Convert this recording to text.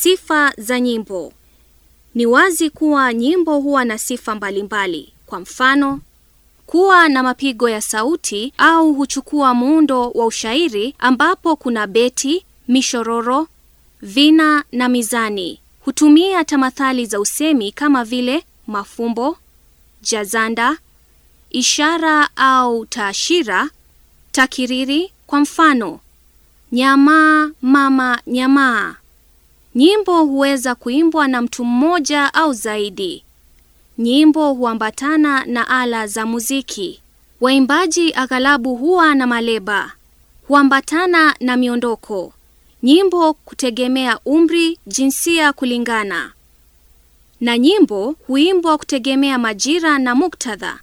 Sifa za nyimbo. Ni wazi kuwa nyimbo huwa na sifa mbalimbali mbali. Kwa mfano, kuwa na mapigo ya sauti au huchukua muundo wa ushairi ambapo kuna beti, mishororo, vina na mizani. Hutumia tamathali za usemi kama vile mafumbo, jazanda, ishara au taashira, takiriri. Kwa mfano, nyamaa mama nyamaa. Nyimbo huweza kuimbwa na mtu mmoja au zaidi. Nyimbo huambatana na ala za muziki. Waimbaji aghalabu huwa na maleba, huambatana na miondoko. Nyimbo kutegemea umri, jinsia kulingana. Na nyimbo huimbwa kutegemea majira na muktadha.